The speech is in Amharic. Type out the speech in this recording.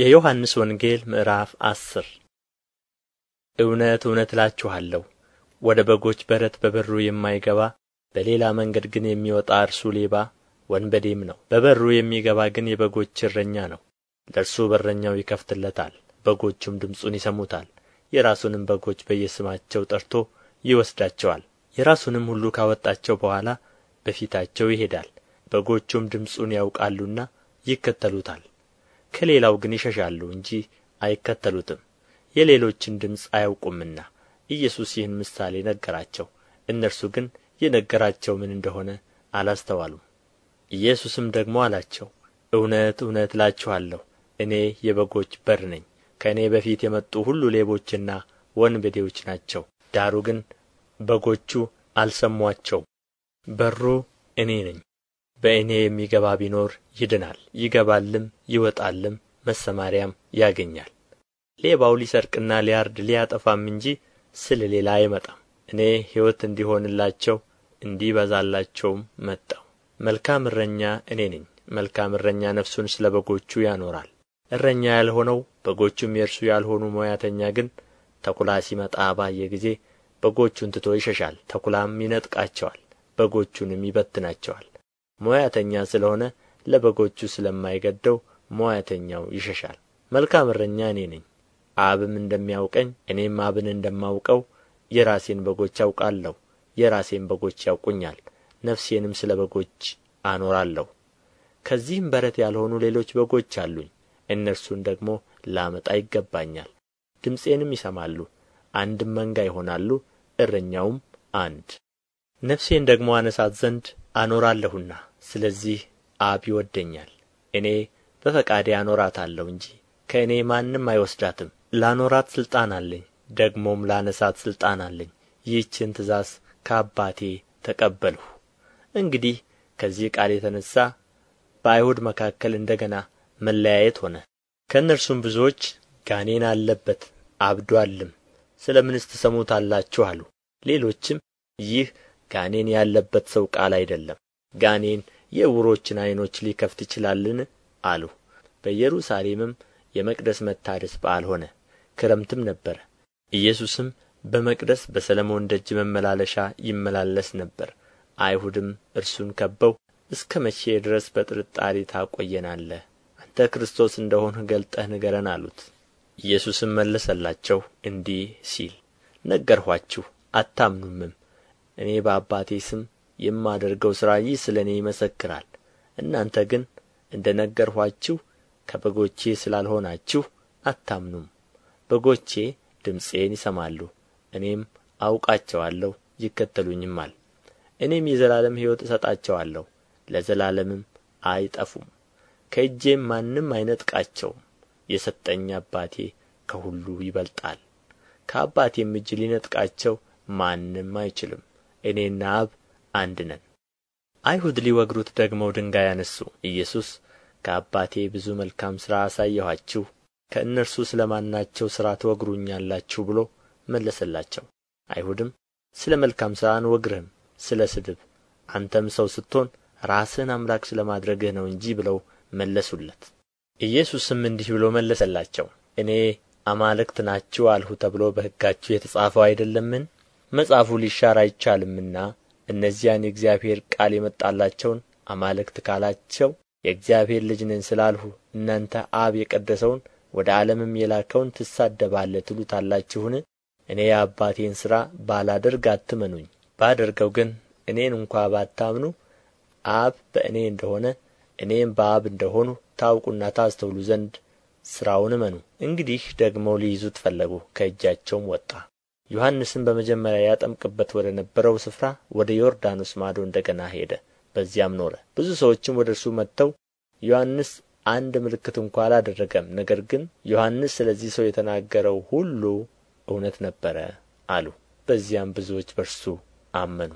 የዮሐንስ ወንጌል ምዕራፍ አስር እውነት እውነት እላችኋለሁ ወደ በጎች በረት በበሩ የማይገባ በሌላ መንገድ ግን የሚወጣ እርሱ ሌባ ወንበዴም ነው። በበሩ የሚገባ ግን የበጎች እረኛ ነው። ለእርሱ በረኛው ይከፍትለታል፣ በጎቹም ድምፁን ይሰሙታል። የራሱንም በጎች በየስማቸው ጠርቶ ይወስዳቸዋል። የራሱንም ሁሉ ካወጣቸው በኋላ በፊታቸው ይሄዳል፣ በጎቹም ድምፁን ያውቃሉና ይከተሉታል። ከሌላው ግን ይሸሻሉ እንጂ አይከተሉትም የሌሎችን ድምፅ አያውቁምና ኢየሱስ ይህን ምሳሌ ነገራቸው እነርሱ ግን የነገራቸው ምን እንደሆነ አላስተዋሉም ኢየሱስም ደግሞ አላቸው እውነት እውነት እላችኋለሁ እኔ የበጎች በር ነኝ ከእኔ በፊት የመጡ ሁሉ ሌቦችና ወንበዴዎች ናቸው ዳሩ ግን በጎቹ አልሰሟቸውም በሩ እኔ ነኝ በእኔ የሚገባ ቢኖር ይድናል ይገባልም ይወጣልም መሰማሪያም ያገኛል ሌባው ሊሰርቅና ሊያርድ ሊያጠፋም እንጂ ስለ ሌላ አይመጣም እኔ ሕይወት እንዲሆንላቸው እንዲበዛላቸውም መጣሁ መልካም እረኛ እኔ ነኝ መልካም እረኛ ነፍሱን ስለ በጎቹ ያኖራል እረኛ ያልሆነው በጎቹም የእርሱ ያልሆኑ ሞያተኛ ግን ተኩላ ሲመጣ ባየ ጊዜ በጎቹን ትቶ ይሸሻል ተኩላም ይነጥቃቸዋል በጎቹንም ይበትናቸዋል ሞያተኛ ስለ ሆነ ለበጎቹ ስለማይገደው ሞያተኛው ይሸሻል መልካም እረኛ እኔ ነኝ አብም እንደሚያውቀኝ እኔም አብን እንደማውቀው የራሴን በጎች አውቃለሁ የራሴን በጎች ያውቁኛል ነፍሴንም ስለ በጎች አኖራለሁ ከዚህም በረት ያልሆኑ ሌሎች በጎች አሉኝ እነርሱን ደግሞ ላመጣ ይገባኛል ድምፄንም ይሰማሉ አንድም መንጋ ይሆናሉ እረኛውም አንድ ነፍሴን ደግሞ አነሳት ዘንድ አኖራለሁና ስለዚህ አብ ይወደኛል እኔ በፈቃዴ አኖራታለሁ እንጂ ከእኔ ማንም አይወስዳትም ላኖራት ሥልጣን አለኝ ደግሞም ላነሳት ሥልጣን አለኝ ይህችን ትእዛዝ ከአባቴ ተቀበልሁ እንግዲህ ከዚህ ቃል የተነሣ በአይሁድ መካከል እንደ ገና መለያየት ሆነ ከእነርሱም ብዙዎች ጋኔን አለበት አብዶአልም ስለ ምንስ ትሰሙታላችሁ አሉ ሌሎችም ይህ ጋኔን ያለበት ሰው ቃል አይደለም ጋኔን የዕውሮችን ዐይኖች ሊከፍት ይችላልን አሉ በኢየሩሳሌምም የመቅደስ መታደስ በዓል ሆነ ክረምትም ነበረ ኢየሱስም በመቅደስ በሰለሞን ደጅ መመላለሻ ይመላለስ ነበር አይሁድም እርሱን ከበው እስከ መቼ ድረስ በጥርጣሪ ታቆየናለህ አንተ ክርስቶስ እንደ ሆንህ ገልጠህ ንገረን አሉት ኢየሱስም መለሰላቸው እንዲህ ሲል ነገርኋችሁ አታምኑምም እኔ በአባቴ ስም የማደርገው ሥራ ይህ ስለ እኔ ይመሰክራል እናንተ ግን እንደ ነገርኋችሁ ከበጎቼ ስላልሆናችሁ አታምኑም በጎቼ ድምፄን ይሰማሉ እኔም አውቃቸዋለሁ ይከተሉኝማል እኔም የዘላለም ሕይወት እሰጣቸዋለሁ ለዘላለምም አይጠፉም ከእጄም ማንም አይነጥቃቸውም የሰጠኝ አባቴ ከሁሉ ይበልጣል ከአባቴም እጅ ሊነጥቃቸው ማንም አይችልም እኔና አብ አንድ ነን አይሁድ ሊወግሩት ደግመው ድንጋይ አነሱ ኢየሱስ ከአባቴ ብዙ መልካም ሥራ አሳየኋችሁ ከእነርሱ ስለ ማናቸው ሥራ ትወግሩኛላችሁ ብሎ መለሰላቸው አይሁድም ስለ መልካም ሥራ አንወግርህም ስለ ስድብ አንተም ሰው ስትሆን ራስህን አምላክ ስለ ማድረግህ ነው እንጂ ብለው መለሱለት ኢየሱስም እንዲህ ብሎ መለሰላቸው እኔ አማልክት ናችሁ አልሁ ተብሎ በሕጋችሁ የተጻፈው አይደለምን መጽሐፉ ሊሻር አይቻልምና እነዚያን የእግዚአብሔር ቃል የመጣላቸውን አማልክት ካላቸው የእግዚአብሔር ልጅ ስላልሁ እናንተ አብ የቀደሰውን ወደ ዓለምም የላከውን ትሳደባለ ትሉታላችሁን እኔ የአባቴን ሥራ ባላደርግ አትመኑኝ ባደርገው ግን እኔን እንኳ ባታምኑ አብ በእኔ እንደሆነ እኔም በአብ እንደ ታውቁና ታስተውሉ ዘንድ ሥራውን እመኑ እንግዲህ ደግሞ ሊይዙት ፈለጉ ከእጃቸውም ወጣ ዮሐንስም በመጀመሪያ ያጠምቅበት ወደ ነበረው ስፍራ ወደ ዮርዳኖስ ማዶ እንደ ገና ሄደ በዚያም ኖረ ብዙ ሰዎችም ወደ እርሱ መጥተው ዮሐንስ አንድ ምልክት እንኳ አላደረገም ነገር ግን ዮሐንስ ስለዚህ ሰው የተናገረው ሁሉ እውነት ነበረ አሉ በዚያም ብዙዎች በእርሱ አመኑ